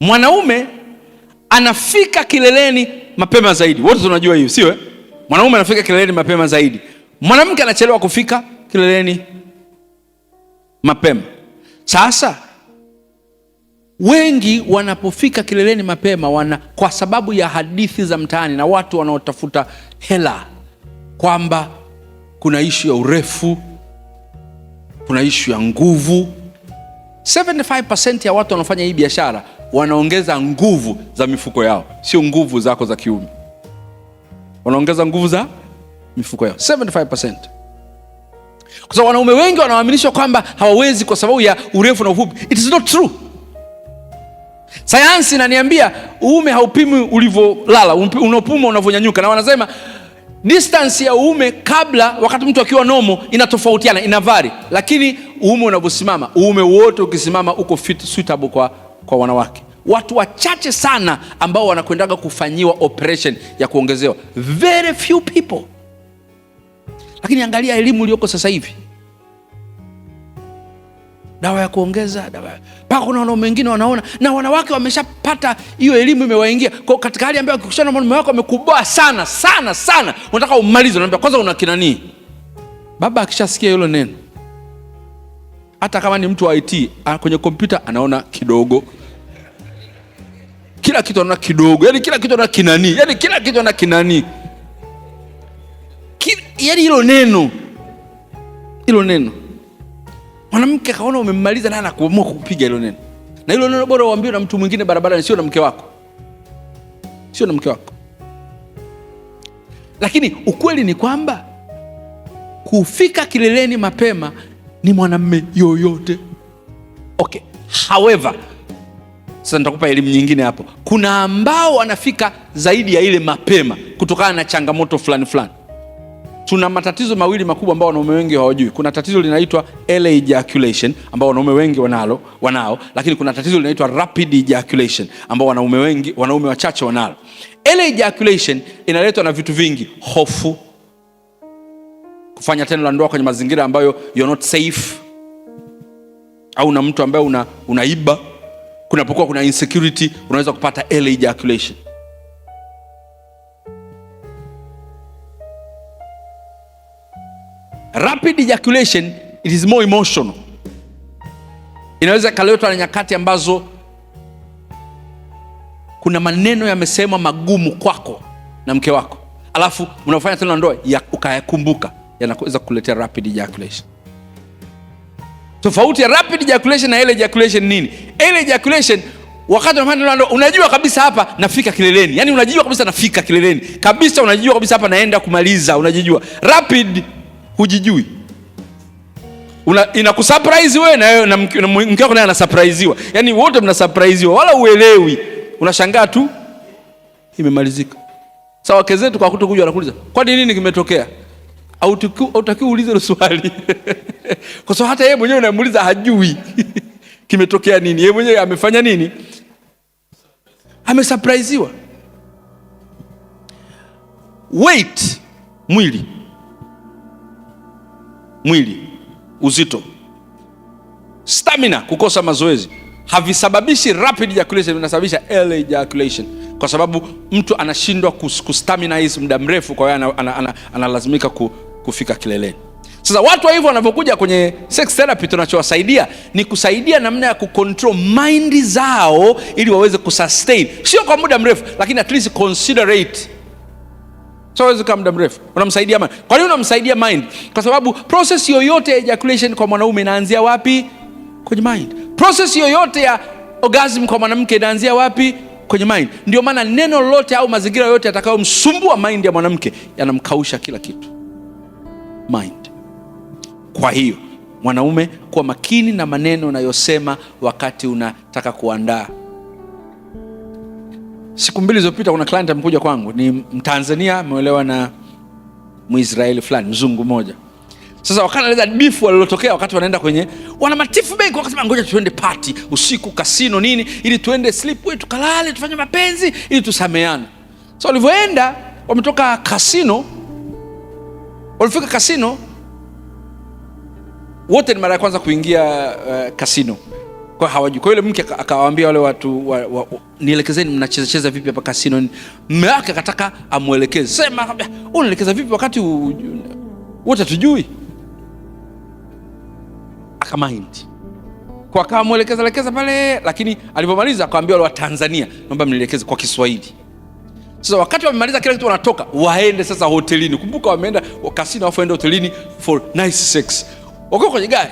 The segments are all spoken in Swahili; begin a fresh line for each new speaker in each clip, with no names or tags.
Mwanaume anafika kileleni mapema zaidi, wote tunajua hiyo, sio? Eh? Mwanaume anafika kileleni mapema zaidi, mwanamke anachelewa kufika kileleni mapema. Sasa wengi wanapofika kileleni mapema wana, kwa sababu ya hadithi za mtaani na watu wanaotafuta hela, kwamba kuna ishu ya urefu, kuna ishu ya nguvu. 75% ya watu wanaofanya hii biashara wanaongeza nguvu za mifuko yao, sio nguvu zako za kiume. Wanaongeza nguvu za mifuko yao 75%, kwa sababu wanaume wengi wanaaminishwa kwamba hawawezi kwa sababu ya urefu na ufupi. It is not true. Sayansi inaniambia uume haupimwi ulivyolala, unapuma unavyonyanyuka, na wanasema distansi ya uume kabla, wakati mtu akiwa nomo, inatofautiana inavari, lakini uume unavyosimama, uume wote ukisimama uko fit suitable kwa, kwa wanawake watu wachache sana ambao wanakwendaga kufanyiwa operation ya kuongezewa, very few people. Lakini angalia elimu iliyoko sasa hivi, dawa ya kuongeza dawa mpaka kuna wanaume wengine wanaona, na wanawake wameshapata hiyo elimu, imewaingia kwa katika hali ambayo akikushana mwanaume wako amekuboa sana sana sana, unataka umalize, unaambia kwanza una kinanii. Baba akishasikia hilo neno, hata kama ni mtu wa IT kwenye kompyuta anaona kidogo kila kitu anaona kidogo, yani kila kitu anaona kinani, yani kila kitu anaona kinani, yani hilo neno hilo neno. Mwanamke akaona umemmaliza naye, anakuamua kukupiga hilo neno, na hilo neno bora uambie na mtu mwingine barabarani, sio na mke wako, sio na mke wako. Lakini ukweli ni kwamba kufika kileleni mapema ni mwanamme yoyote. Okay, however sasa nitakupa elimu nyingine hapo. Kuna ambao wanafika zaidi ya ile mapema kutokana na changamoto fulani fulani. Tuna matatizo mawili makubwa ambao wanaume wengi hawajui. Kuna tatizo linaitwa early ejaculation ambao wanaume wengi wanalo, wanao, lakini kuna tatizo linaitwa rapid ejaculation ambao wanaume wengi, wanaume wachache wanalo. Early ejaculation inaletwa na vitu vingi, hofu, kufanya tendo la ndoa kwenye mazingira ambayo you're not safe, au na mtu ambaye una, unaiba kunapokuwa kuna insecurity, unaweza kupata early ejaculation. Rapid ejaculation it is more emotional, inaweza ikaletwa na nyakati ambazo kuna maneno yamesemwa magumu kwako na mke wako, alafu unafanya tena ndoa ya ukayakumbuka, yanaweza kukuletea rapid ejaculation. Tofauti ya rapid ejaculation na ile ejaculation nini? Ile ejaculation wakati unafanya unajua kabisa hapa nafika kileleni, yani unajua kabisa nafika kileleni kabisa, unajua kabisa hapa naenda kumaliza, unajijua. Rapid hujijui Una, inakusurprise wewe na, wewe na mke wako naye anasurpriseiwa, yani wote mnasurpriseiwa, wala uelewi, unashangaa tu imemalizika. Sawa, wake zetu kwa kutokuja wanakuuliza kwani nini kimetokea? autakiwa uulize hilo swali kwa sababu hata yeye mwenyewe unamuuliza hajui kimetokea nini. Yeye mwenyewe amefanya nini? Amesurpriseiwa. Weight mwili, mwili uzito, stamina, kukosa mazoezi havisababishi rapid ejaculation, vinasababisha early ejaculation, kwa sababu mtu anashindwa kustaminize muda mrefu, kwa hiyo analazimika ana, ana, ana, ku, kufika kileleni. Sasa watu wa hivyo wanavyokuja kwenye sex therapy, tunachowasaidia ni kusaidia namna ya kucontrol mind zao ili waweze kusustain, sio kwa muda mrefu, lakini at least considerate Siwezi kaa muda mrefu unamsaidia mind. Kwa nini unamsaidia mind? Kwa sababu process yoyote ya ejaculation kwa mwanaume inaanzia wapi? Kwenye mind. Process yoyote ya orgasm kwa mwanamke inaanzia wapi? Kwenye mind. Ndio maana neno lolote au mazingira yoyote yatakayomsumbua mind ya mwanamke yanamkausha kila kitu mind. Kwa hiyo mwanaume, kuwa makini na maneno unayosema wakati unataka kuandaa. Siku mbili zilizopita, kuna client amekuja kwangu, ni Mtanzania ameolewa na Mwisraeli fulani, mzungu mmoja. Sasa wakanaeleza bifu walilotokea wakati wanaenda kwenye wana matifu benki, wakasema ngoja tuende pati usiku kasino nini, ili tuende sleep we tukalale tufanye mapenzi ili tusameane. So walivyoenda wametoka kasino Walifika kasino wote, ni mara ya kwanza kuingia kasino eh, kwa hawajui. Kwa yule mke akawaambia wale watu wa, wa, nielekezeni cheza vipi hapa kasino. Mume wake akataka amuelekeze, sema unaelekeza vipi wakati wote tujui, Akamind kwa lekeza pale, lakini alipomaliza akawambia wale wa Tanzania, naomba mnielekeze kwa Kiswahili. Sasa wakati wamemaliza kila kitu, wanatoka waende sasa hotelini. Kumbuka wameenda kasino, wafu waende hotelini for nice sex. Wakiwa kwenye gari,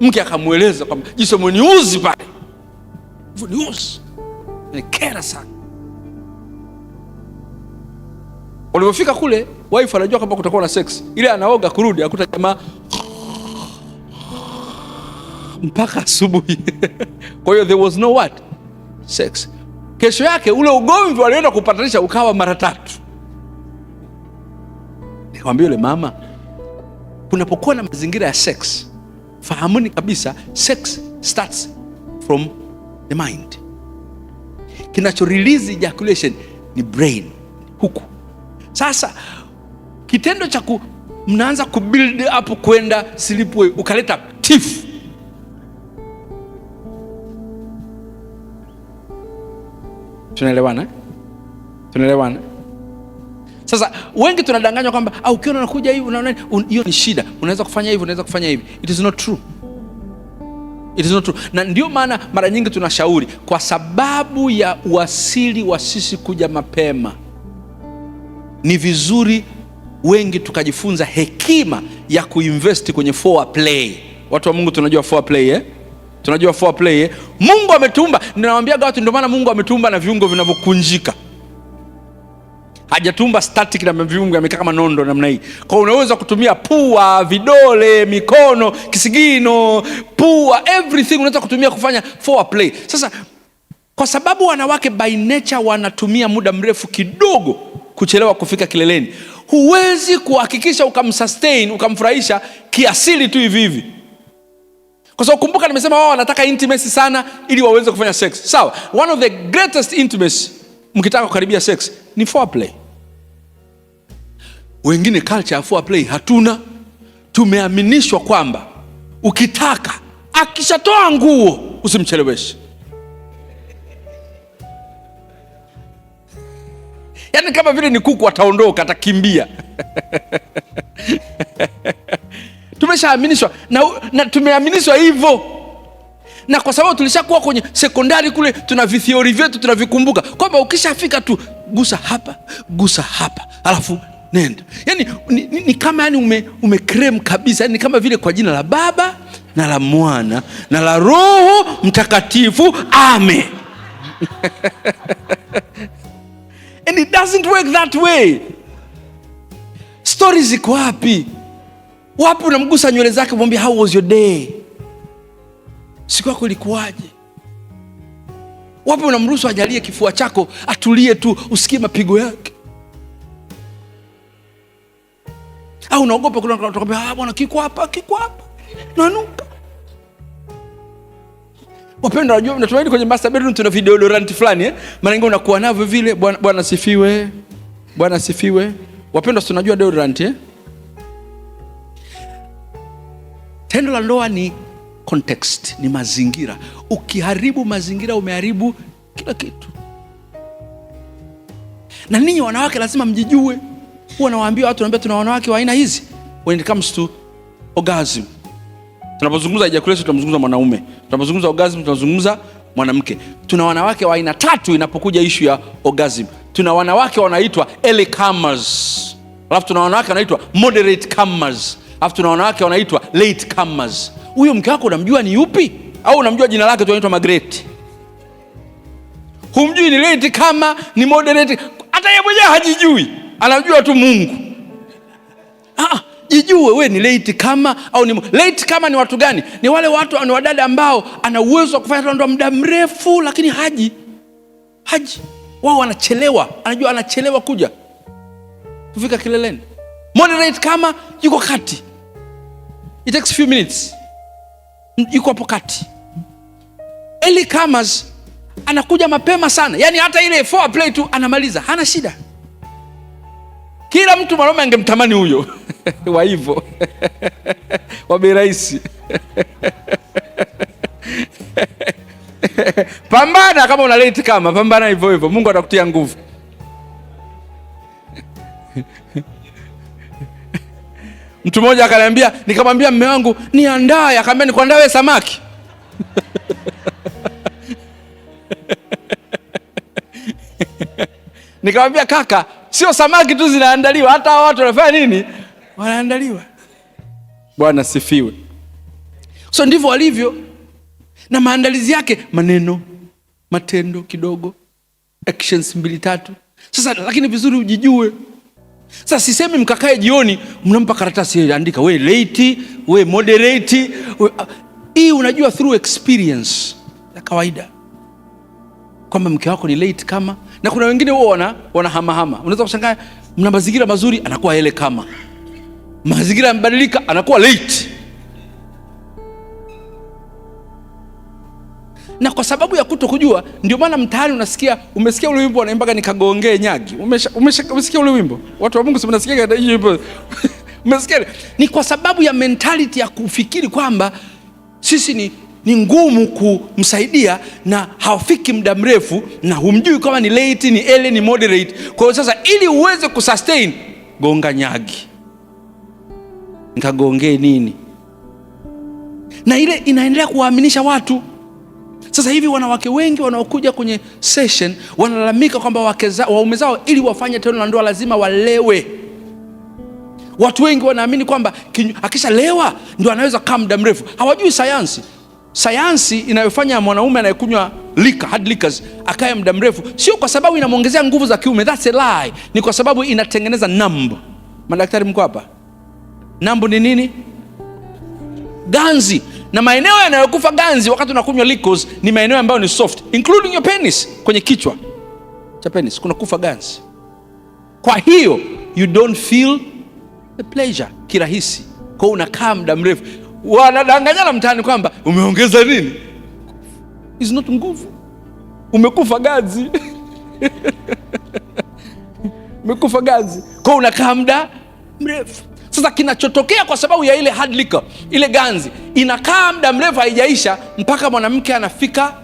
mke akamweleza kwamba jinsi mniuzi pale niuzi, nikera sana. Walivyofika kule, wife anajua kwamba kutakuwa na sex, ile anaoga kurudi akuta jamaa mpaka asubuhi. Kwa hiyo there was no what sex Kesho yake ule ugomvi walioenda kupatanisha ukawa mara tatu. Nikamwambia yule mama, kunapokuwa na mazingira ya sex, fahamuni kabisa sex starts from the mind. Kinacho release ejaculation ni brain huku. Sasa kitendo cha mnaanza kubuild up kwenda slipway, ukaleta tifu Tunaelewana? Tunaelewana? Sasa wengi tunadanganywa kwamba au ah, ukiona unakuja hivi unaona hiyo ni shida, unaweza kufanya hivi, unaweza kufanya hivi. It is not true. It is not true. Na ndio maana mara nyingi tunashauri kwa sababu ya uasili wa sisi kuja mapema. Ni vizuri wengi tukajifunza hekima ya kuinvest kwenye play Watu wa Mungu tunajua play eh? tunajua play eh? Mungu ametuumba, ninawaambiaga watu, ndio maana Mungu ametuumba na viungo vinavyokunjika hajatumba static na viungo amekaa kama nondo namna hii. Kwa unaweza kutumia pua, vidole, mikono, kisigino, pua, everything unaweza kutumia kufanya foreplay. Sasa kwa sababu wanawake by nature wanatumia muda mrefu kidogo kuchelewa kufika kileleni, huwezi kuhakikisha ukamsustain ukamfurahisha kiasili tu hivi hivi. Kwa sababu kumbuka, nimesema wao wanataka intimacy sana ili waweze kufanya sex. Sawa, one of the greatest intimacy, mkitaka kukaribia sex ni foreplay. Wengine culture ya foreplay hatuna. Tumeaminishwa kwamba ukitaka akishatoa nguo usimcheleweshe. Yaani kama vile ni kuku ataondoka, atakimbia Tumeshaaminishwa na, na tumeaminishwa hivyo, na kwa sababu tulishakuwa kwenye sekondari kule, tuna vithiori vyetu tunavikumbuka, kwamba ukishafika tu gusa hapa gusa hapa alafu nenda. Yani ni, ni, ni kama yani ume, kabisa, yani ni kama vile kwa jina la Baba na la Mwana na la Roho Mtakatifu, ame And it doesn't work that way. Stori ziko wapi? Wapi unamgusa nywele zake, mwambie how was your day, siku yako ilikuwaje? Wapi unamruhusu ajalie kifua chako, atulie tu, usikie mapigo yake? Au unaogopa kuambia ah, bwana, kiko hapa, kiko hapa, nanuka. Wapendwa, najua natumaini kwenye master bedroom tuna videodoranti fulani eh? maraingi unakuwa navyo vile. Bwana sifiwe, Bwana sifiwe. Wapendwa, tunajua deodoranti eh? Tendo la ndoa ni context, ni mazingira. Ukiharibu mazingira, umeharibu kila kitu. Na ninyi wanawake lazima mjijue. Huwa nawaambia watu, naambia tuna wanawake wa aina hizi when it comes to orgasm. Tunapozungumza ejaculation, tunamzungumza mwanaume, tunapozungumza orgasm, tunazungumza mwanamke. Tuna wanawake wa aina tatu inapokuja ishu ya orgasm. Tuna wanawake wanaitwa early comers, alafu tuna wanawake wanaitwa moderate comers Alafu tuna wanawake wanaitwa late comers. Huyu mke wako unamjua ni yupi? Au unamjua jina lake tu anaitwa Magreti? Humjui ni late kama ni moderate, hata yeye mwenyewe hajijui, anajua tu Mungu. Ah, jijue we ni late kama au ni late kama. Ni watu gani? Ni wale watu, ni wadada ambao ana uwezo wa kufanya ndoa muda mrefu, lakini haji haji, wao wanachelewa, anajua anachelewa kuja kufika kileleni. Moderate kama yuko kati It takes few minutes. Yuko hapo kati. Early comers anakuja mapema sana, yani hata ile four play tu anamaliza, hana shida. Kila mtu Mwanaume angemtamani huyo wa hivyo wa bei rahisi pambana kama una late kama pambana hivyo hivyo, Mungu atakutia nguvu. Mtu mmoja akaniambia, nikamwambia mme wangu niandae, akaambia nikuandaa wewe samaki nikamwambia kaka, sio samaki tu zinaandaliwa, hata hao watu wanafanya nini, wanaandaliwa. Bwana sifiwe. So ndivyo walivyo na maandalizi yake, maneno, matendo kidogo, actions mbili tatu. Sasa lakini vizuri ujijue. Sasa sisemi mkakae jioni mnampa karatasi andika, we late, we moderate, we... hii unajua through experience ya kawaida kwamba mke wako ni late kama, na kuna wengine huo wana wanahamahama. Unaweza kushangaa, mna mazingira mazuri anakuwa ele kama, mazingira yamebadilika anakuwa late na kwa sababu ya kuto kujua, ndio maana mtaani unasikia, umesikia ule wimbo wanaimbaga nikagongee nyagi, umesha, umesha, umesikia ule wimbo? Watu wa Mungu simnasikia hiyo wimbo umesikia? Ni kwa sababu ya mentality ya kufikiri kwamba sisi ni ni ngumu kumsaidia na hafiki muda mrefu, na humjui kama ni late, ni early, ni moderate. Kwa hiyo sasa, ili uweze kusustain, gonga nyagi, nikagongee nini, na ile inaendelea kuwaaminisha watu sasa hivi wanawake wengi wanaokuja kwenye session wanalalamika kwamba waume zao ili wafanye tendo la ndoa lazima walewe. Watu wengi wanaamini kwamba akishalewa ndio anaweza kaa muda mrefu. Hawajui sayansi. Sayansi inayofanya mwanaume anayekunywa lika hard liquors akae muda mrefu sio kwa sababu inamwongezea nguvu za kiume, that's a lie. Ni kwa sababu inatengeneza nambu. Madaktari mko hapa? Nambu ni nini? Ganzi na maeneo yanayokufa ganzi wakati unakunywa liquors ni maeneo ambayo ni soft including your penis, kwenye kichwa cha penis kuna kufa ganzi. Kwa hiyo you don't feel the pleasure kirahisi, kwa unakaa muda mrefu. Wanadanganyana mtaani kwamba umeongeza nini, is not nguvu, umekufa ganzi umekufa ganzi, kwa unakaa muda mrefu sasa kinachotokea kwa sababu ya ile hadlika, ile ganzi inakaa muda mrefu haijaisha, mpaka mwanamke anafika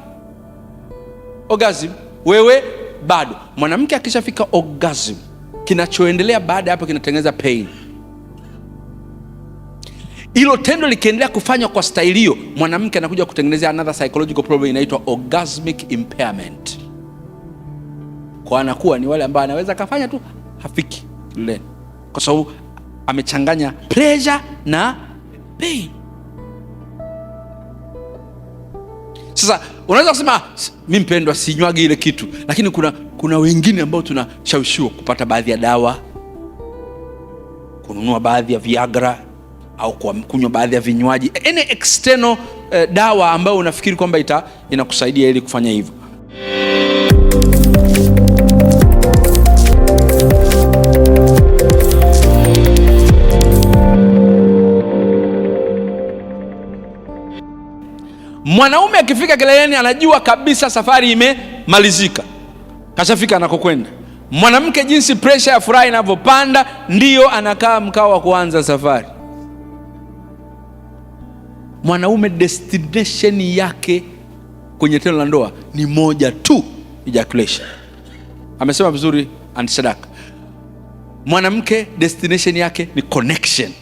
orgasm, wewe bado. Mwanamke akishafika orgasm, kinachoendelea baada ya hapo kinatengeneza pain. Hilo tendo likiendelea kufanywa kwa staili hiyo, mwanamke anakuja kutengeneza another psychological problem inaitwa orgasmic impairment, kwa anakuwa ni wale ambao anaweza akafanya tu hafiki kwa sababu amechanganya pleasure na pain. Sasa unaweza kusema mi mpendwa, sinywagi ile kitu, lakini kuna, kuna wengine ambao tunashawishiwa kupata baadhi ya dawa, kununua baadhi ya Viagra au kunywa baadhi ya vinywaji, any external eh, dawa ambayo unafikiri kwamba ita inakusaidia ili kufanya hivyo. Mwanaume akifika kileleni anajua kabisa safari imemalizika, kashafika anakokwenda. Mwanamke jinsi presha ya furaha inavyopanda, ndiyo anakaa mkao wa kuanza safari. Mwanaume destination yake kwenye tendo la ndoa ni moja tu, ejaculation. Amesema vizuri Antisadaka, mwanamke destination yake ni connection,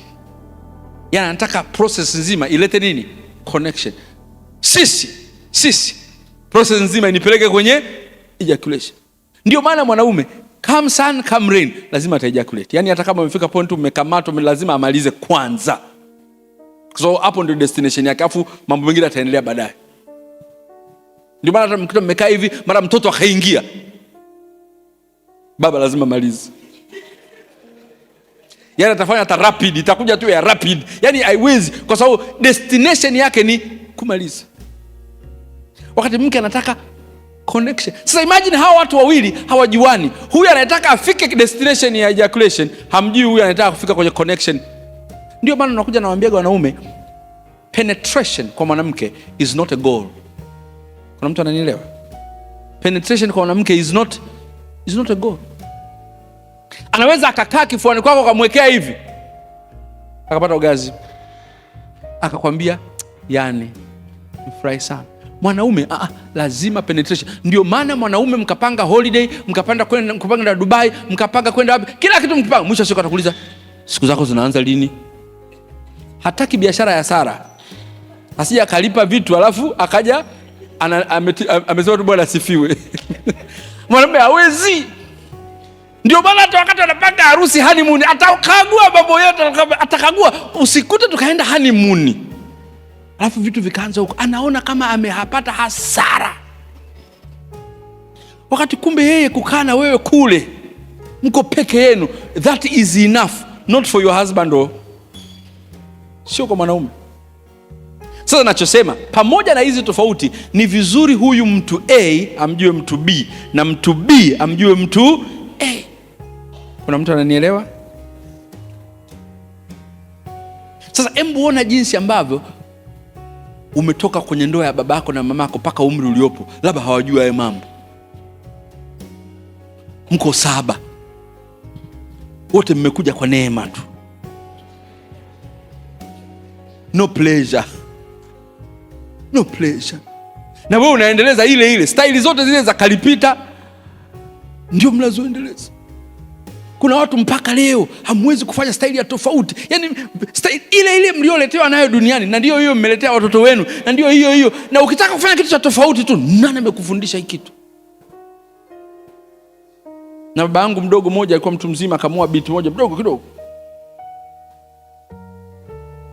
yani anataka process nzima ilete nini? Connection sisi sisi, proses nzima inipeleke kwenye ejaculation. Ndio maana mwanaume come sun come rain lazima ataejaculate, Yani hata kama amefika point umekamatwa, lazima amalize kwanza, so hapo ndio destination yake, afu mambo mengine ataendelea baadaye. Ndio maana hata mkikuta mmekaa hivi, mara mtoto akaingia, baba lazima amalize Yani atafanya hata rapid, itakuja tu ya rapid, yani haiwezi, kwa sababu destination yake ni kumaliza wakati mke anataka connection. Sasa imagine hawa watu wawili hawajuani, huyu anataka afike destination ya ejaculation hamjui huyu anataka kufika kwenye connection. Ndio maana nakuja nawambiaga wanaume, penetration kwa mwanamke is not a goal. Kuna mtu ananielewa? Penetration kwa mwanamke is not, is not a goal. Anaweza akakaa kifuani kwako akamwekea hivi akapata ugazi akakwambia, yani mfurahi sana mwanaume ah, ah, lazima penetration. Ndio maana mwanaume mkapanga holiday, mkapanda kwenda, mkapanga Dubai, mkapanga kwenda wapi, kila kitu mkipanga, mwisho siku atakuuliza siku zako zinaanza lini? Hataki biashara ya Sara, asija akalipa vitu alafu akaja amesema tu bwana asifiwe. Mwanaume hawezi. Ndio maana hata wakati anapanga harusi honeymoon, atakagua mambo yote, atakagua. Usikute tukaenda honeymoon alafu vitu vikaanza huko, anaona kama amehapata hasara, wakati kumbe yeye kukaa na wewe kule, mko peke yenu, that is enough not for your husband or sio kwa mwanaume. Sasa nachosema, pamoja na hizi tofauti, ni vizuri huyu mtu A amjue mtu B na mtu B amjue mtu A. Kuna mtu ananielewa? Sasa embu ona jinsi ambavyo umetoka kwenye ndoa ya baba yako na mama yako mpaka umri uliopo, labda hawajui hayo mambo. Mko saba wote, mmekuja kwa neema tu, no pleasure, no pleasure. Na wewe unaendeleza ile ile staili zote zile za kalipita, ndio mnazoendeleza kuna watu mpaka leo hamwezi kufanya staili ya tofauti, yani staili ile ile mlioletewa nayo duniani, na ndio hiyo mmeletea watoto wenu, na ndio hiyo hiyo. Na ukitaka kufanya kitu cha tofauti tu, nani amekufundisha hii kitu? Na baba yangu mdogo mmoja alikuwa mtu mzima, akamoa binti moja mdogo kidogo,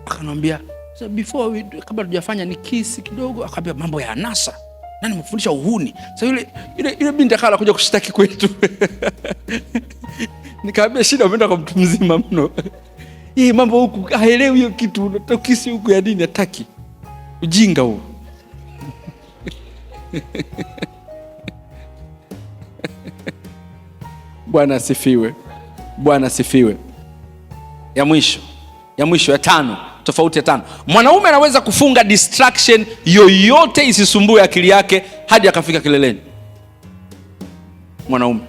akanambia so before we, do, kabla tujafanya ni kisi kidogo, akaambia mambo ya anasa nani mfundisha uhuni? Sa yule, yule, yule binti akala kuja kushtaki kwetu Nikaambia shida, umeenda kwa mtu mzima mno. Hii mambo huku haelewi hiyo kitu, unatokisi huku ya nini ataki Ujinga huo. Bwana asifiwe. Bwana asifiwe. Ya mwisho, ya mwisho, ya tano, tofauti ya tano. Mwanaume anaweza kufunga distraction yoyote isisumbue akili yake hadi akafika kileleni. Mwanaume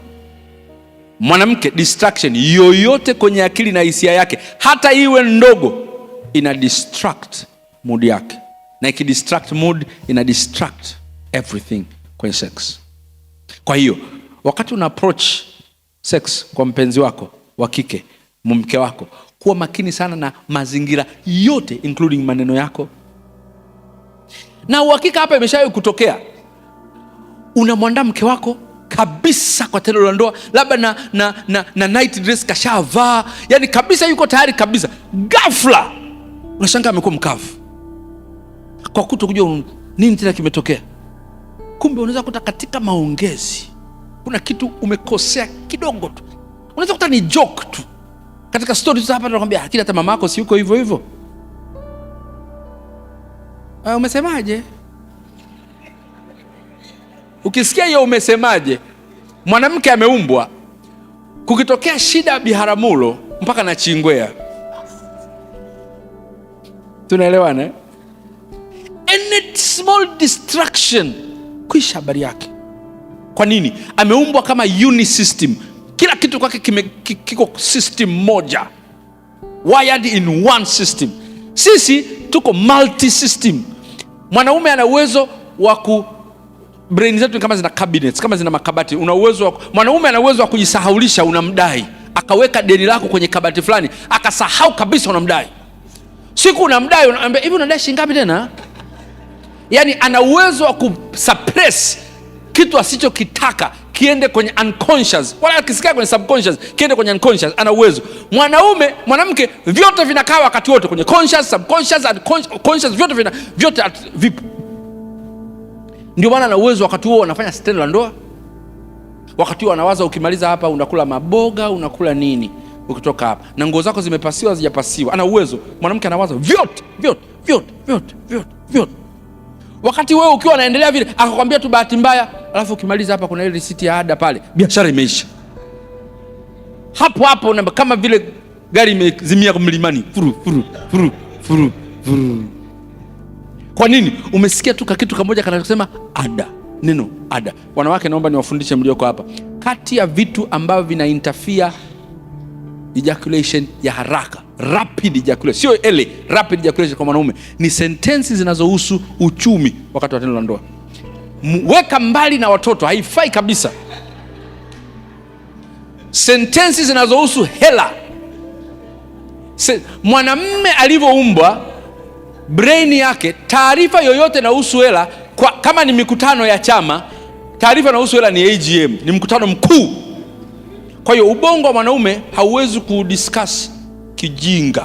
mwanamke, distraction yoyote kwenye akili na hisia yake, hata iwe ndogo, ina distract mood yake, na ikidistract mood ina distract everything kwenye sex. Kwa hiyo wakati una approach sex kwa mpenzi wako wa kike, mke wako, kuwa makini sana na mazingira yote including maneno yako. Na uhakika hapa imeshawai kutokea, unamwandaa mke wako kabisa kwa tendo la ndoa, labda na, na, na, na night dress kashavaa, yani kabisa yuko tayari kabisa. Ghafla unashangaa amekuwa mkavu kwa kuto kujua nini tena kimetokea. Kumbe unaweza kuta katika maongezi kuna kitu umekosea kidogo tu, unaweza kuta ni joke tu katika stori tu hapa, tunakwambia lakini hata mama yako si yuko hivyo hivyo. Uh, umesemaje? Ukisikia hiyo umesemaje? Mwanamke ameumbwa kukitokea shida ya Biharamulo mpaka na Chingwea, tunaelewana eh? Any small distraction kuisha habari yake. Kwa nini? Ameumbwa kama uni system, kila kitu kwake kiko system moja, wired in one system. Sisi tuko multi system. Mwanaume ana uwezo wa ku brain zetu ni kama zina cabinets, kama zina makabati. Una uwezo, mwanaume ana uwezo wa kujisahaulisha, unamdai akaweka deni lako kwenye kabati fulani, akasahau kabisa, unamdai siku, unamdai unaambia hivi, unadai shilingi ngapi tena? Yani ana uwezo wa kusuppress kitu asichokitaka kiende kwenye unconscious, wala akisikia kwenye subconscious kiende kwenye unconscious. Ana uwezo mwanaume, mwanamke, vyote vinakaa wakati wote kwenye conscious, subconscious, unconscious, vyote vina vyote vipo ndio maana na uwezo wakati huo anafanya stendo la ndoa, wakati huo anawaza ukimaliza hapa unakula maboga, unakula nini ukitoka hapa, na nguo zako zimepasiwa zijapasiwa. Ana uwezo mwanamke, anawaza vyote vyote vyote vyote vyote vyote, wakati wewe ukiwa unaendelea vile, akakwambia tu bahati mbaya, alafu ukimaliza hapa kuna ile risiti ya ada pale, biashara imeisha hapo hapo, kama vile gari imezimia mlimani, furu furu furu furu furu. Kwa nini? Umesikia tu kitu kimoja kanachosema ada, neno ada. Wanawake, naomba niwafundishe mlioko hapa, kati ya vitu ambavyo vina interfere ejaculation ya haraka rapid ejaculation, sio ele, rapid ejaculation kwa mwanaume ni sentensi zinazohusu uchumi wakati wa tendo la ndoa. Weka mbali na watoto, haifai kabisa. Sentensi zinazohusu hela, mwanamme alivyoumbwa brain yake taarifa yoyote inahusu hela kama ni mikutano ya chama taarifa nahusu hela ni AGM, ni mkutano mkuu. Kwa hiyo ubongo wa mwanaume hauwezi kudiscuss kijinga.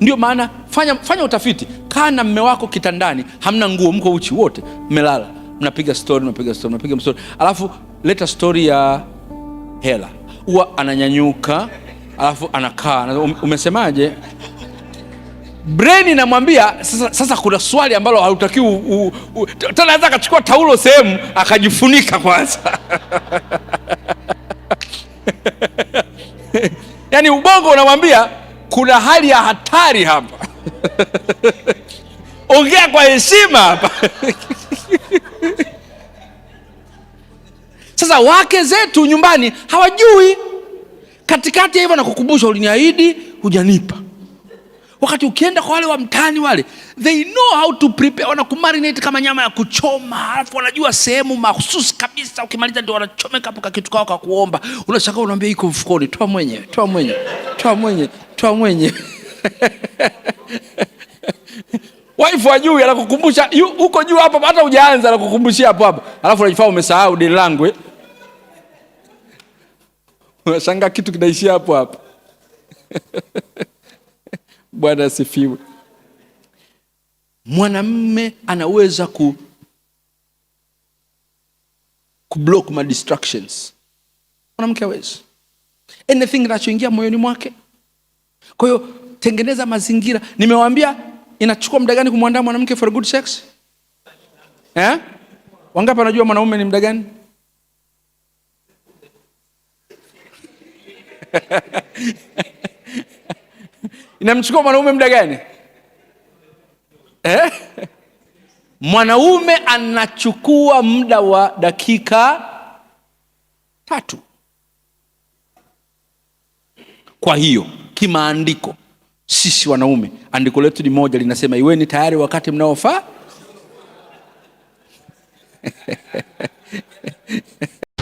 Ndio maana fanya, fanya utafiti. Kaa na mme wako kitandani, hamna nguo, mko uchi wote, mmelala, mnapiga story, mnapiga story, mnapiga story, alafu leta story ya hela. Huwa ananyanyuka, alafu anakaa, umesemaje? brain inamwambia sasa, sasa kuna swali ambalo hautakiwi tena. Anaweza akachukua taulo sehemu akajifunika kwanza yaani ubongo unamwambia kuna hali ya hatari hapa ongea kwa heshima hapa Sasa wake zetu nyumbani hawajui. Katikati ya hivyo, nakukumbusha, uliniahidi hujanipa wakati ukienda kwa wale wa mtani wale, they know how to prepare, kumarinate kama nyama ya kuchoma, alafu wanajua sehemu mahususi kabisa. Ukimaliza ndio wanachomeka hapo kakitu kao kakuomba, unashangaa, unaambia iko mfukoni, toa mwenye, toa mwenye, toa mwenye, toa mwenye wife wa juu anakukumbusha huko juu hapo, hata hujaanza anakukumbushia hapo hapo, alafu unajifaa umesahau deni langu, eh. unashangaa kitu kinaishia hapo hapo Bwana asifiwe. Mwanamme anaweza ku, ku block ma distractions, mwanamke hawezi. Anything inachoingia moyoni mwake. Kwa hiyo tengeneza mazingira. Nimewaambia inachukua muda gani kumwandaa mwanamke for good sex eh? Wangapi wanajua mwanaume ni muda gani? Inamchukua mwanaume muda gani eh? Mwanaume anachukua muda wa dakika tatu. Kwa hiyo kimaandiko, sisi wanaume, andiko letu ni moja, linasema iweni tayari wakati mnaofaa